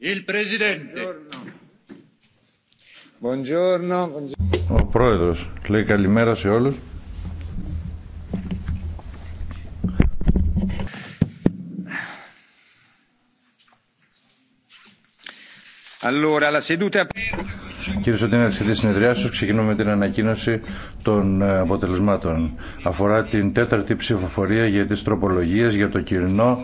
Il Ο πρόεδρος λέει καλημέρα σε όλους. Κύριε Σωτήνα, αρχή τη συνεδριά σα ξεκινούμε την ανακοίνωση των ε, αποτελεσμάτων. Αφορά την τέταρτη ψηφοφορία για τι τροπολογίε για το κοινό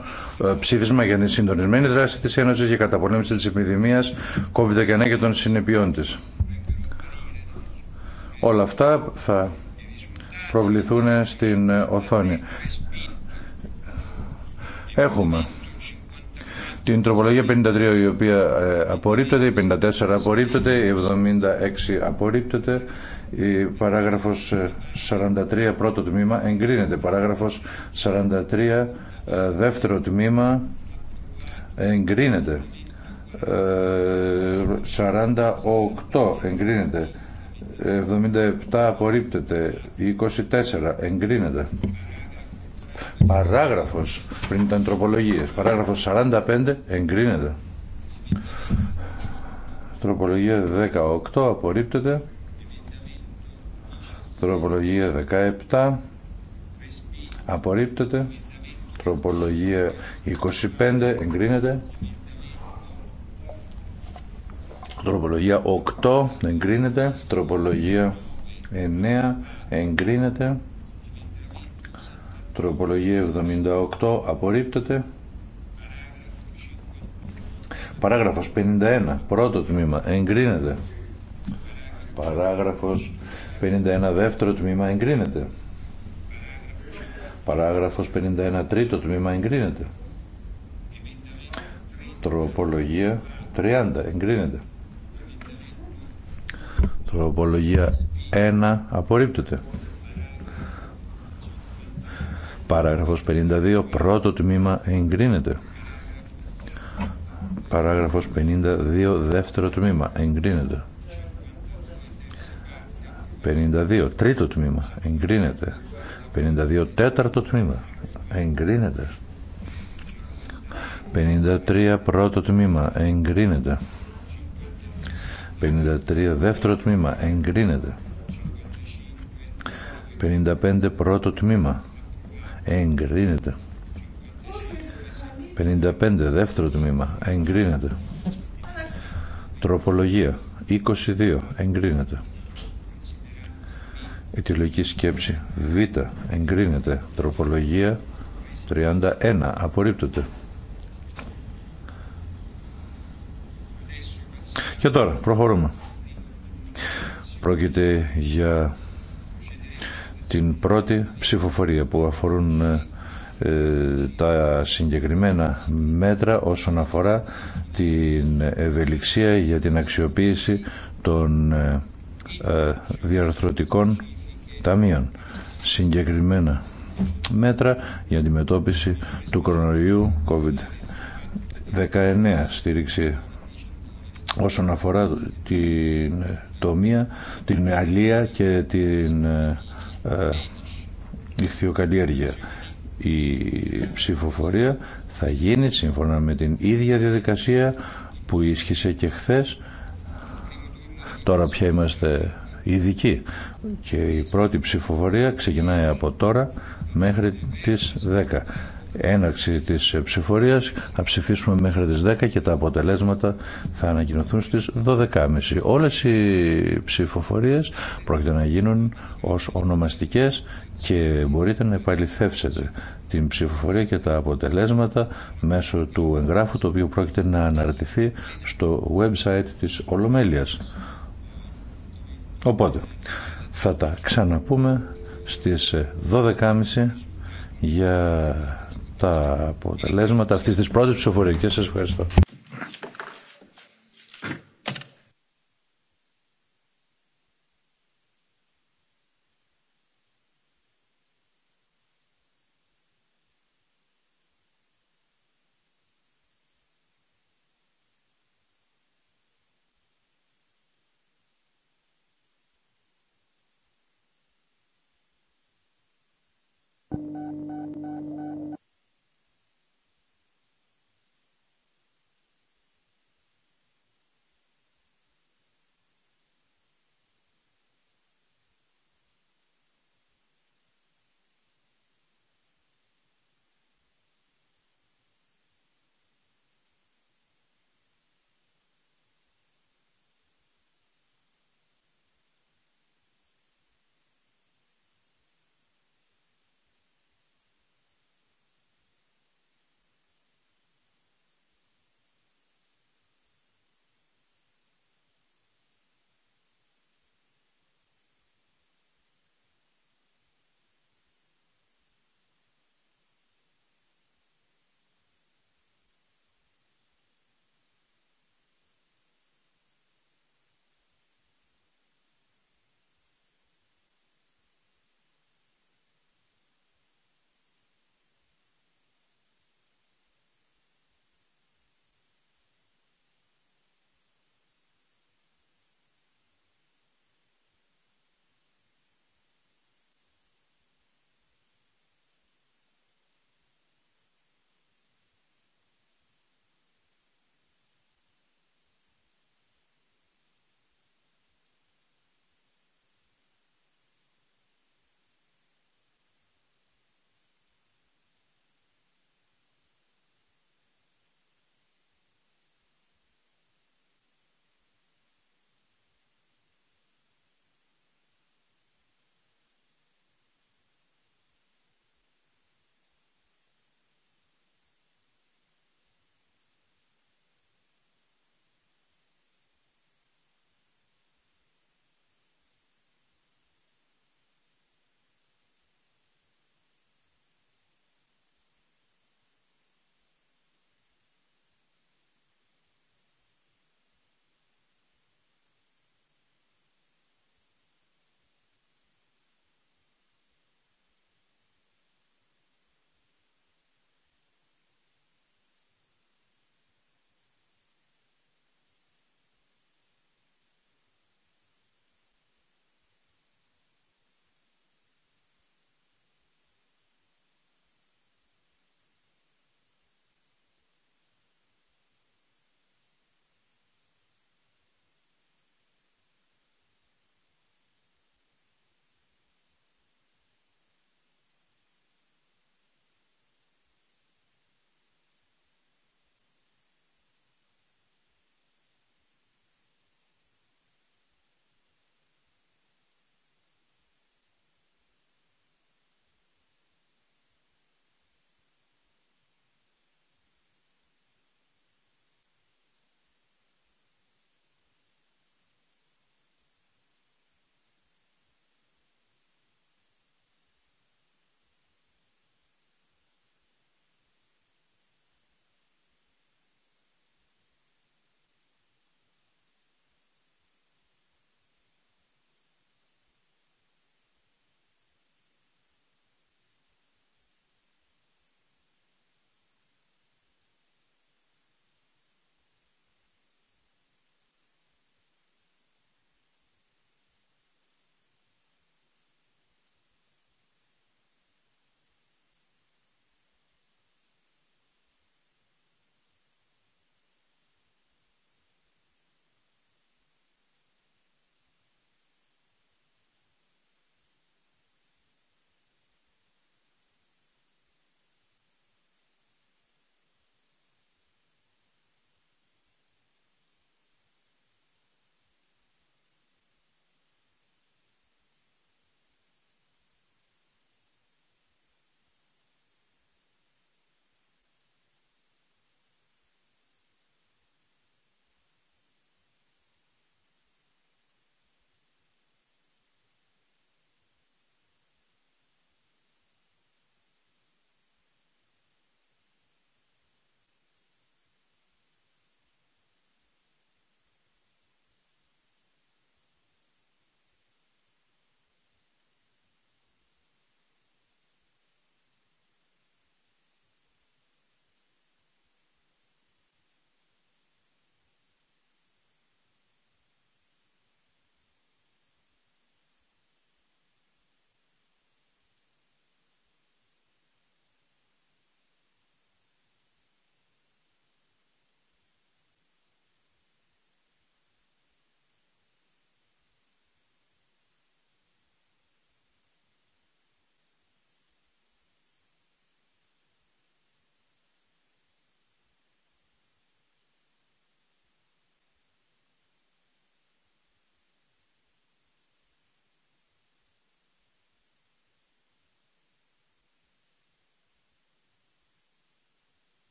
ε, ψήφισμα για την συντονισμένη δράση τη Ένωση για καταπολέμηση τη επιδημία COVID-19 και των συνεπειών τη. Όλα αυτά θα προβληθούν στην ε, οθόνη. Έχουμε την τροπολογία 53 η οποία ε, απορρίπτεται, η 54 απορρίπτεται, η 76 απορρίπτεται, η παράγραφος 43 ε, πρώτο τμήμα εγκρίνεται, παράγραφος 43 ε, δεύτερο τμήμα εγκρίνεται, ε, 48 εγκρίνεται, 77 απορρίπτεται, 24 εγκρίνεται. Παράγραφος, πριν ήταν τροπολογίες, παράγραφος 45 εγκρίνεται. Τροπολογία 18 απορρίπτεται. Τροπολογία 17 απορρίπτεται. Τροπολογία 25 εγκρίνεται. Τροπολογία 8 εγκρίνεται. Τροπολογία 9 εγκρίνεται. Τροπολογία 78 απορρίπτεται. Παράγραφος 51, πρώτο τμήμα, εγκρίνεται. Παράγραφος 51, δεύτερο τμήμα, εγκρίνεται. Παράγραφος 51, τρίτο τμήμα, εγκρίνεται. Τροπολογία 30, εγκρίνεται. Τροπολογία 1, απορρίπτεται. Παράγραφος 52 πρώτο τμήμα εγκρίνεται. Παράγραφος 52 δεύτερο τμήμα εγκρίνεται. 52 τρίτο τμήμα εγκρίνεται. 52 τέταρτο τμήμα εγκρίνεται. 53 πρώτο τμήμα εγκρίνεται. 53 δεύτερο τμήμα εγκρίνεται. 55 πρώτο τμήμα εγκρίνεται 55 δεύτερο τμήμα εγκρίνεται τροπολογία 22 εγκρίνεται Ετιολογική σκέψη Β εγκρίνεται τροπολογία 31 απορρίπτεται Και τώρα προχωρούμε. Πρόκειται για την πρώτη ψηφοφορία που αφορούν ε, ε, τα συγκεκριμένα μέτρα όσον αφορά την ευελιξία για την αξιοποίηση των ε, διαρθρωτικών ταμείων. Συγκεκριμένα μέτρα για αντιμετώπιση του κορονοϊού COVID-19 στήριξη όσον αφορά την τομία, την αλία και την ε, ηχθειοκαλλιέργεια. Η ψηφοφορία θα γίνει σύμφωνα με την ίδια διαδικασία που ίσχυσε και χθες. Τώρα πια είμαστε ειδικοί και η πρώτη ψηφοφορία ξεκινάει από τώρα μέχρι τις 10 έναρξη της ψηφορίας θα ψηφίσουμε μέχρι τις 10 και τα αποτελέσματα θα ανακοινωθούν στις 12.30. Όλες οι ψηφοφορίες πρόκειται να γίνουν ως ονομαστικές και μπορείτε να επαληθεύσετε την ψηφοφορία και τα αποτελέσματα μέσω του εγγράφου το οποίο πρόκειται να αναρτηθεί στο website της Ολομέλειας. Οπότε θα τα ξαναπούμε στις 12.30 για τα αποτελέσματα αυτής της πρώτης ψηφοφορικής. Σας ευχαριστώ.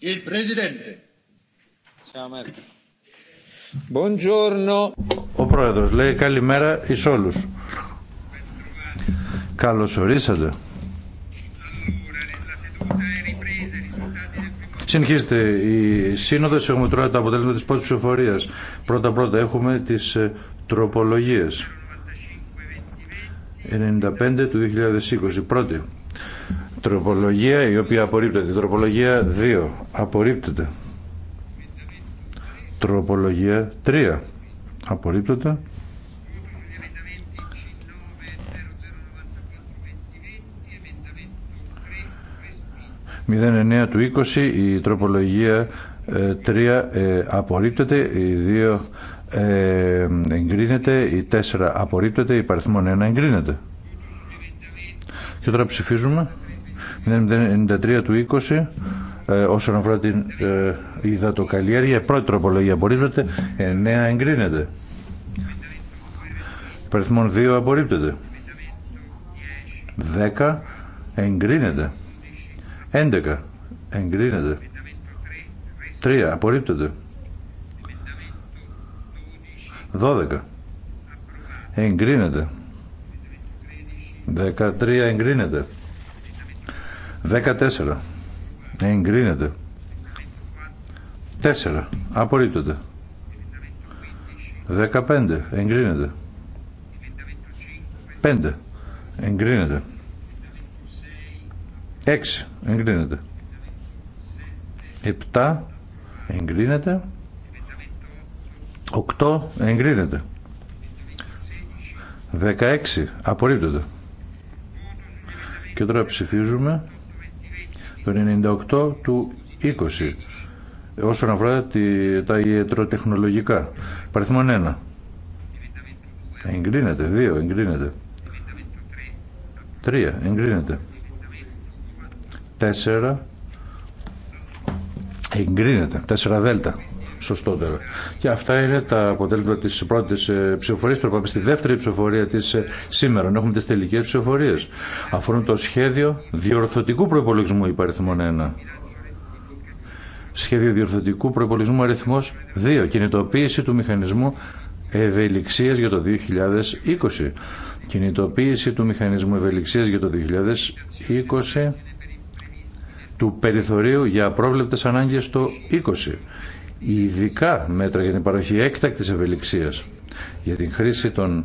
Il Presidente. Buongiorno. Ο Πρόεδρος λέει καλημέρα εις όλους. Καλώ ορίσατε. Συνεχίζεται η σύνοδος. Έχουμε τώρα το αποτέλεσμα της πρώτης ψηφοφορίας. Πρώτα-πρώτα έχουμε τις ε, τροπολογίες. 95 του 2020. Πρώτη. Τροπολογία η οποία απορρίπτεται. Τροπολογία 2 απορρίπτεται. Τροπολογία 3 απορρίπτεται. «09 του 20 η τροπολογία 3 ε, ε, απορρίπτεται, η 2 ε, εγκρίνεται, η 4 απορρίπτεται, η παριθμόν 1 εγκρίνεται. Και τώρα ψηφίζουμε. 93 του 20 όσον αφορά την ε, υδατοκαλλιέργεια. Πρώτη τροπολογία απορρίπτεται, 9 εγκρίνεται. Περιθμόν 2 απορρίπτεται. 10 εγκρίνεται. 11 εγκρίνεται. 3 απορρίπτεται. 12 εγκρίνεται. 13 εγκρίνεται. 14. Ε, εγκρίνεται. 4. Απορρίπτονται. 15. Εγκρίνεται. 5. Εγκρίνεται. 6. Εγκρίνεται. 7. Εγκρίνεται. 8. Εγκρίνεται. 16. Απορρίπτονται. Και τώρα ψηφίζουμε το 98 του 20 όσον αφορά τα ιατροτεχνολογικά. Παριθμόν 1. Εγκρίνεται. 2. Εγκρίνεται. 3. Εγκρίνεται. 4. Εγκρίνεται. 4 δέλτα σωστότερο. Και αυτά είναι τα αποτέλεσματα τη πρώτη ε, ψηφοφορία. Τώρα πάμε στη δεύτερη ψηφοφορία τη ε, σήμερα. Έχουμε τι τελικέ ψηφοφορίε. Αφορούν το σχέδιο διορθωτικού προπολογισμού υπαριθμών 1. Σχέδιο διορθωτικού προπολογισμού αριθμό 2. Κινητοποίηση του μηχανισμού ευελιξία για το 2020. Κινητοποίηση του μηχανισμού ευελιξία για το 2020 του περιθωρίου για απρόβλεπτες ανάγκες το 20 ειδικά μέτρα για την παροχή έκτακτης ευελιξίας για την χρήση των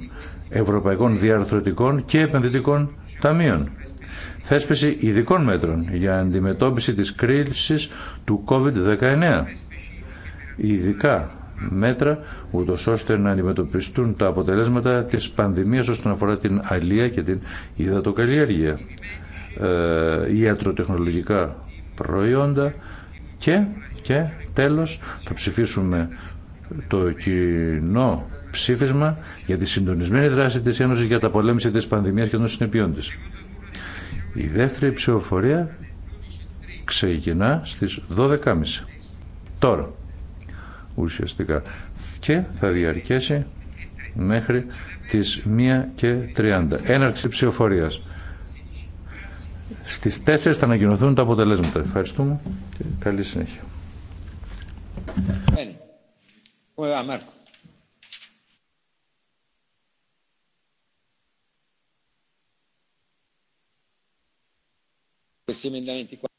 ευρωπαϊκών διαρθρωτικών και επενδυτικών ταμείων. Θέσπιση ειδικών μέτρων για αντιμετώπιση της κρίσης του COVID-19. Ειδικά μέτρα ούτω ώστε να αντιμετωπιστούν τα αποτελέσματα της πανδημίας όσον αφορά την αλία και την υδατοκαλλιέργεια. Ε, ιατροτεχνολογικά προϊόντα και και τέλος θα ψηφίσουμε το κοινό ψήφισμα για τη συντονισμένη δράση της Ένωσης για τα πολέμηση της πανδημίας και των συνεπειών της. Η δεύτερη ψηφοφορία ξεκινά στις 12.30. Τώρα, ουσιαστικά. Και θα διαρκέσει μέχρι τις 1.30. και Έναρξη ψηφοφορίας. Στις 4 θα ανακοινωθούν τα αποτελέσματα. Ευχαριστούμε και καλή συνέχεια. Bene. Come va Marco? Questi emendamenti qua.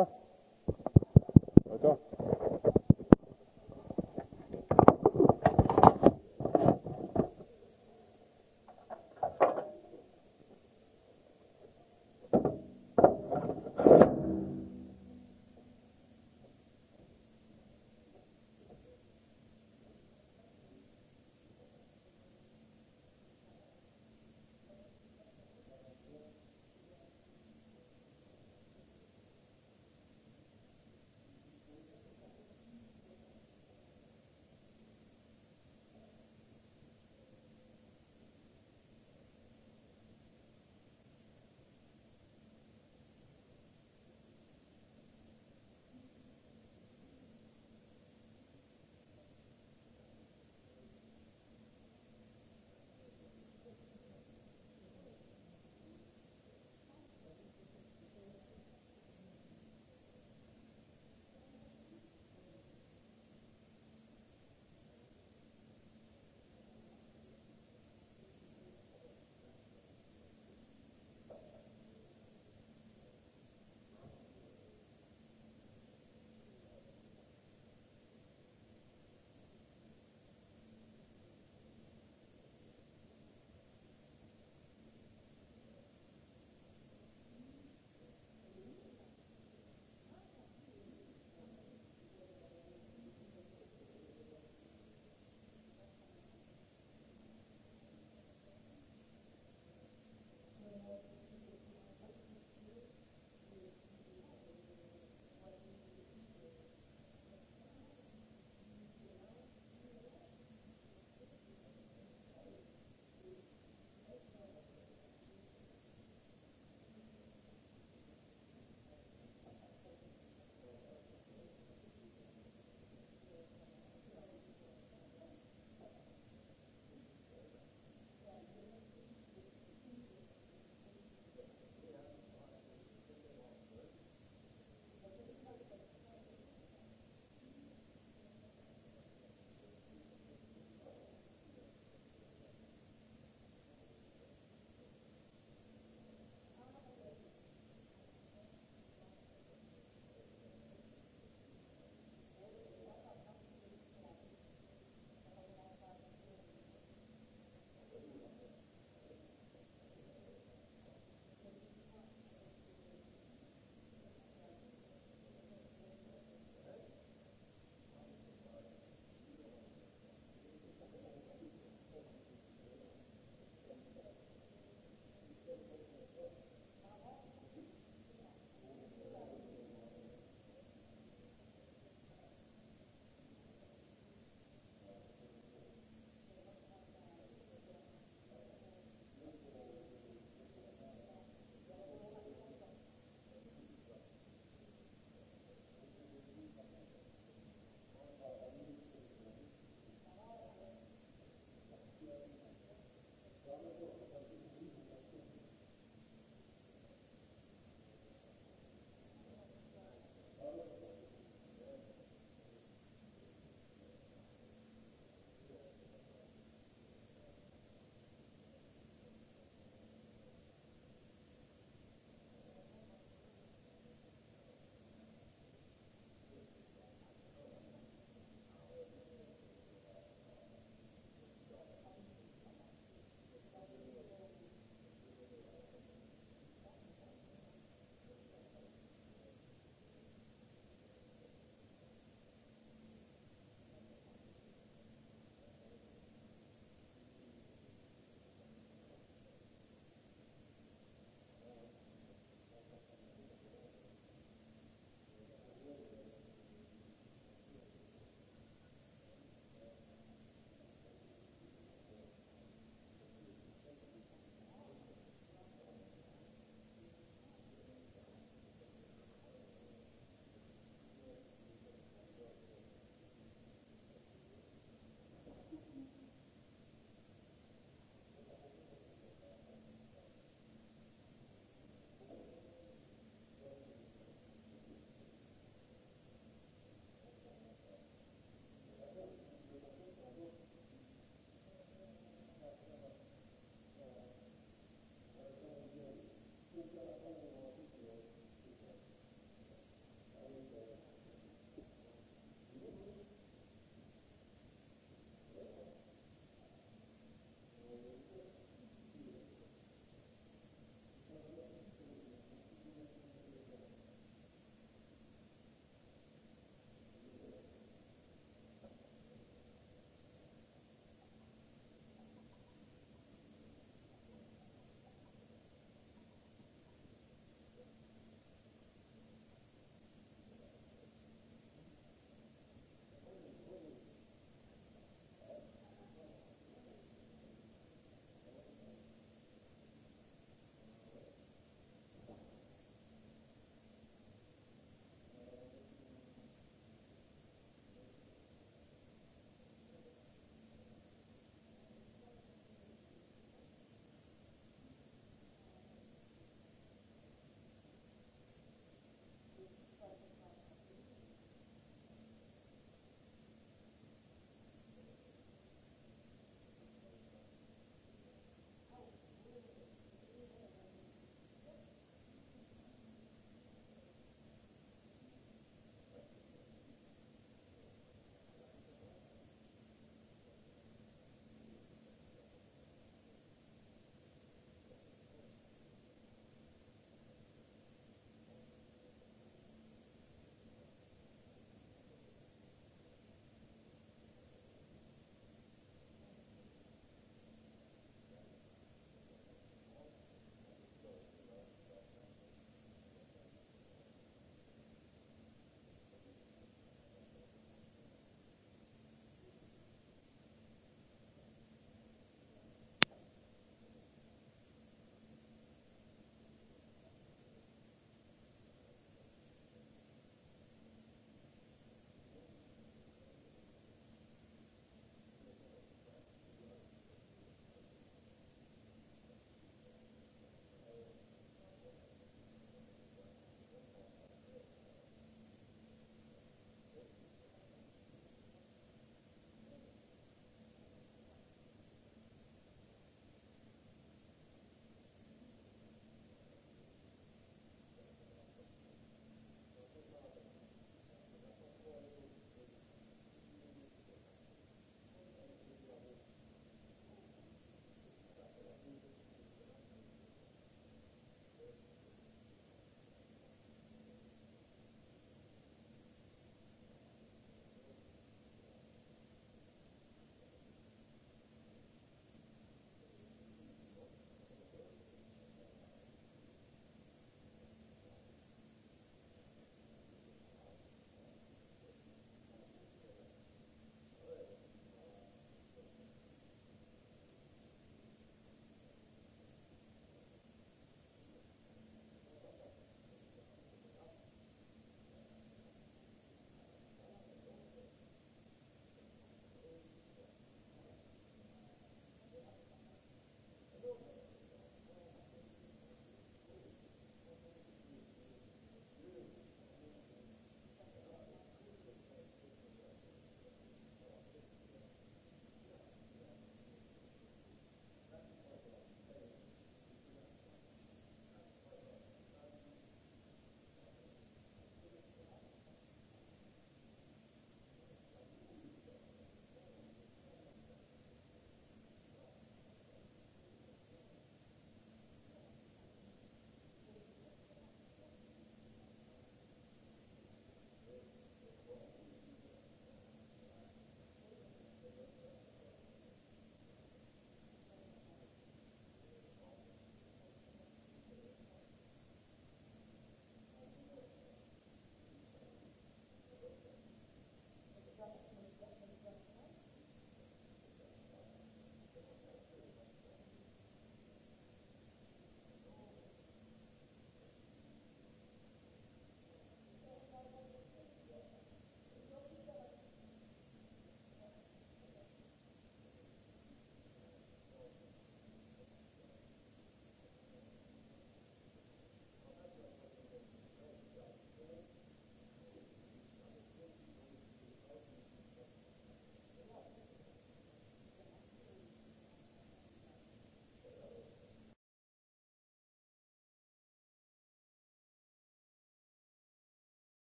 αρχά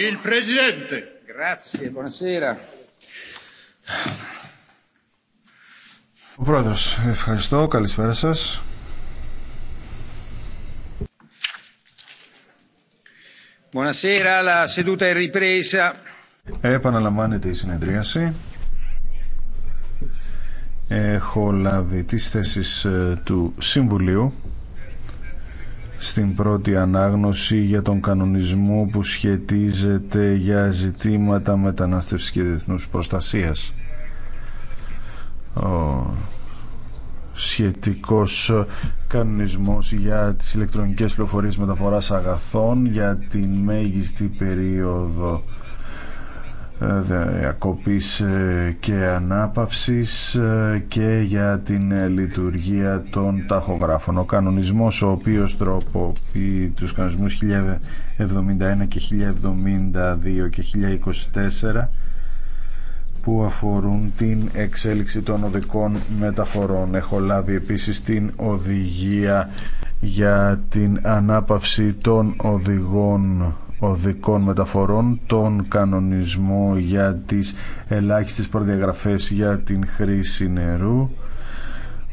Il Presidente. Grazie, buonasera. Ο Πρόεδρος, ευχαριστώ. Καλησπέρα σας. Buonasera, Επαναλαμβάνεται η συνεδρίαση. Έχω λάβει τις θέσεις ε, του Συμβουλίου στην πρώτη ανάγνωση για τον κανονισμό που σχετίζεται για ζητήματα μετανάστευσης και διεθνούς προστασίας. Ο σχετικός κανονισμός για τις ηλεκτρονικές πληροφορίες μεταφοράς αγαθών για την μέγιστη περίοδο διακοπής ε, και ανάπαυσης ε, και για την λειτουργία των ταχογράφων. Ο κανονισμός ο οποίος τροποποιεί τους κανονισμούς 1071 και 1072 και 1024 που αφορούν την εξέλιξη των οδικών μεταφορών. Έχω λάβει επίσης την οδηγία για την ανάπαυση των οδηγών οδικών μεταφορών, τον κανονισμό για τις ελάχιστες προδιαγραφές για την χρήση νερού.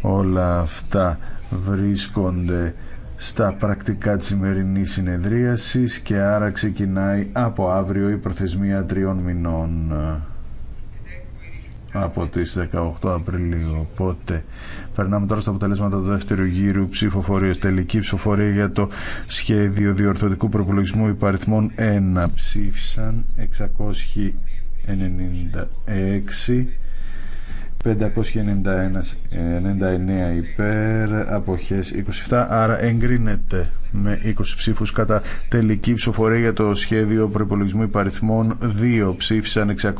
Όλα αυτά βρίσκονται στα πρακτικά της σημερινή συνεδρίασης και άρα ξεκινάει από αύριο η προθεσμία τριών μηνών από τις 18 Απριλίου. Οπότε περνάμε τώρα στα αποτελέσματα του δεύτερου γύρου ψηφοφορίας. Τελική ψηφοφορία για το σχέδιο διορθωτικού προπολογισμού υπαριθμών 1. Ψήφισαν 696 591 99 υπέρ, αποχές 27, άρα εγκρίνεται με 20 ψήφους κατά τελική ψηφοφορία για το σχέδιο προπολογισμού υπαριθμών 2 ψήφισαν 696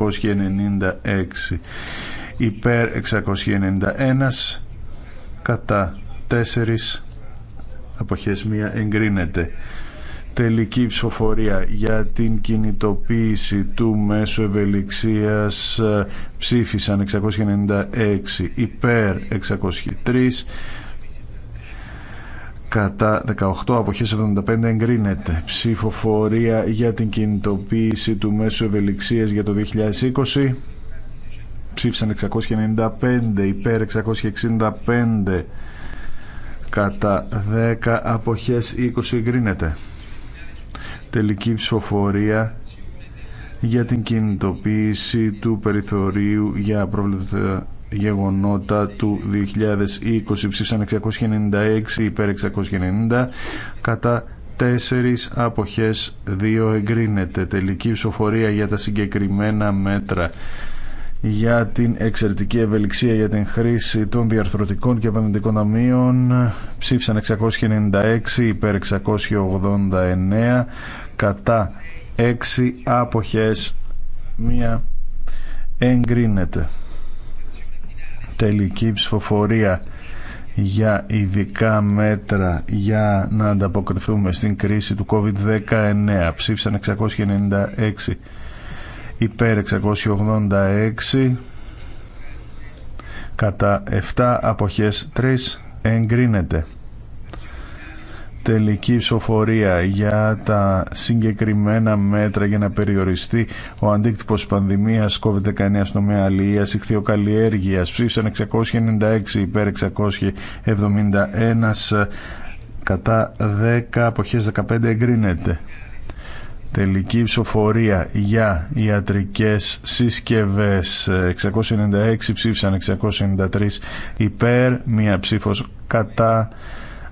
υπέρ 691 κατά 4 αποχές μία εγκρίνεται τελική ψηφοφορία για την κινητοποίηση του μέσου ευελιξίας ε, ψήφισαν 696 υπέρ 603 κατά 18 αποχές 75 εγκρίνεται. Ψηφοφορία για την κινητοποίηση του μέσου ευελιξίας για το 2020 ψήφισαν 695 υπέρ 665 κατά 10 αποχές 20 εγκρίνεται τελική ψηφοφορία για την κινητοποίηση του περιθωρίου για πρόβλημα γεγονότα του 2020 ψήφισαν 696 υπέρ 690 κατά τέσσερις αποχές δύο εγκρίνεται τελική ψηφοφορία για τα συγκεκριμένα μέτρα για την εξαιρετική ευελιξία για την χρήση των διαρθρωτικών και επενδυτικών ταμείων ψήφισαν 696 υπέρ 689 κατά 6 άποχες μία εγκρίνεται τελική ψηφοφορία για ειδικά μέτρα για να ανταποκριθούμε στην κρίση του COVID-19 ψήφισαν 696 υπέρ 686 κατά 7 αποχές 3 εγκρίνεται τελική ψηφοφορία για τα συγκεκριμένα μέτρα για να περιοριστεί ο αντίκτυπος πανδημίας COVID-19 στο μέα αλληλείας, ηχθειοκαλλιέργειας, ψήφισαν 696 υπέρ 671 κατά 10 αποχές 15 εγκρίνεται. Τελική ψηφοφορία για ιατρικές συσκευές 696 ψήφισαν 693 υπέρ, μία ψήφος κατά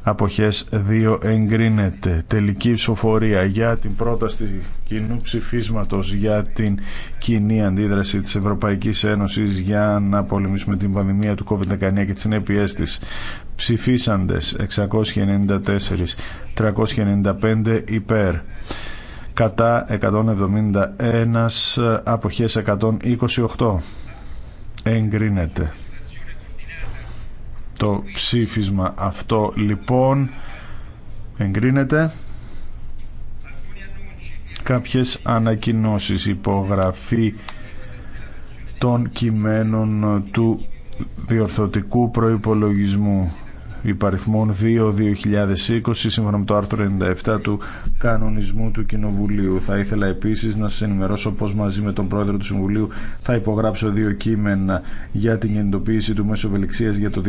αποχές 2 εγκρίνεται. Τελική ψηφοφορία για την πρόταση κοινού ψηφίσματος για την κοινή αντίδραση της Ευρωπαϊκής Ένωσης για να πολεμήσουμε την πανδημία του COVID-19 και τις συνέπειές της. Ψηφίσαντες 694, 395 υπέρ κατά 171 αποχές 128 εγκρίνεται το ψήφισμα αυτό λοιπόν εγκρίνεται κάποιες ανακοινώσεις υπογραφή των κειμένων του διορθωτικού προϋπολογισμού υπαριθμών 2-2020 σύμφωνα με το άρθρο 97 του κανονισμού του Κοινοβουλίου. Θα ήθελα επίσης να σας ενημερώσω πως μαζί με τον Πρόεδρο του Συμβουλίου θα υπογράψω δύο κείμενα για την κινητοποίηση του μέσου ευελιξίας για το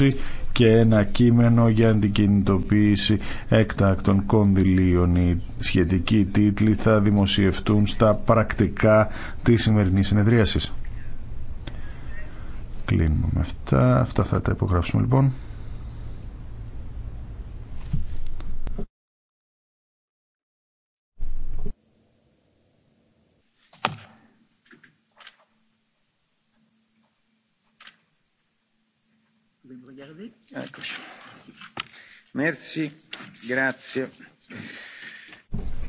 2020 και ένα κείμενο για την κινητοποίηση έκτακτων κονδυλίων. Οι σχετικοί τίτλοι θα δημοσιευτούν στα πρακτικά της σημερινής συνεδρίασης. Κλείνουμε με αυτά. Αυτά θα τα υπογράψουμε λοιπόν.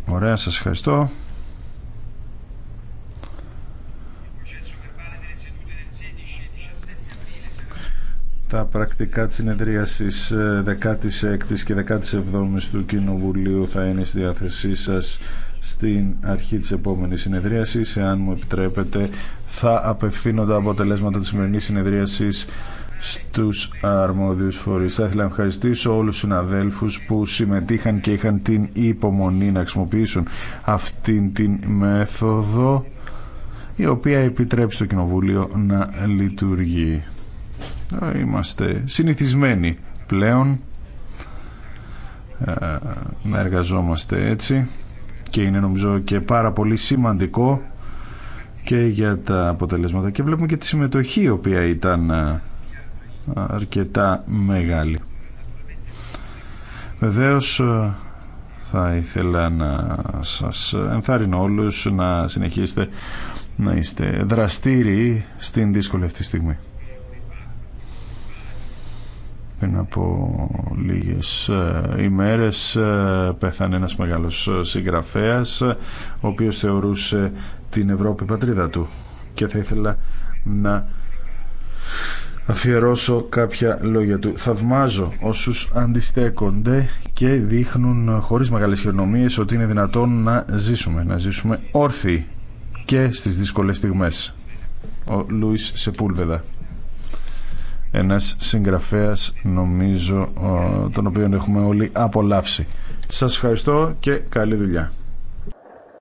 Ωραία, σας ευχαριστώ. τα πρακτικά της συνεδρίασης 16ης ε, και 17ης του Κοινοβουλίου θα είναι στη διάθεσή σας στην αρχή της επόμενης συνεδρίασης. Εάν μου επιτρέπετε θα απευθύνω τα αποτελέσματα της σημερινής συνεδρίασης στους αρμόδιους φορείς. Θα ήθελα να ευχαριστήσω όλους τους συναδέλφους που συμμετείχαν και είχαν την υπομονή να χρησιμοποιήσουν αυτήν την μέθοδο η οποία επιτρέπει στο Κοινοβούλιο να λειτουργεί. Είμαστε συνηθισμένοι πλέον ε, να εργαζόμαστε έτσι και είναι νομίζω και πάρα πολύ σημαντικό και για τα αποτελέσματα και βλέπουμε και τη συμμετοχή η οποία ήταν ε, αρκετά μεγάλη. Βεβαίως ε, θα ήθελα να σας ενθάρρυνω όλους να συνεχίσετε να είστε δραστήριοι στην δύσκολη αυτή στιγμή. Πριν από λίγες ε, ημέρες ε, πέθανε ένας μεγάλος ε, συγγραφέας ο οποίος θεωρούσε την Ευρώπη πατρίδα του και θα ήθελα να αφιερώσω κάποια λόγια του. Θαυμάζω όσους αντιστέκονται και δείχνουν χωρίς μεγάλες χειρονομίες ότι είναι δυνατόν να ζήσουμε, να ζήσουμε όρθιοι και στις δύσκολες στιγμές. Ο Λούις Σεπούλβεδα ένας συγγραφέας νομίζω τον οποίο έχουμε όλοι απολαύσει. Σας ευχαριστώ και καλή δουλειά.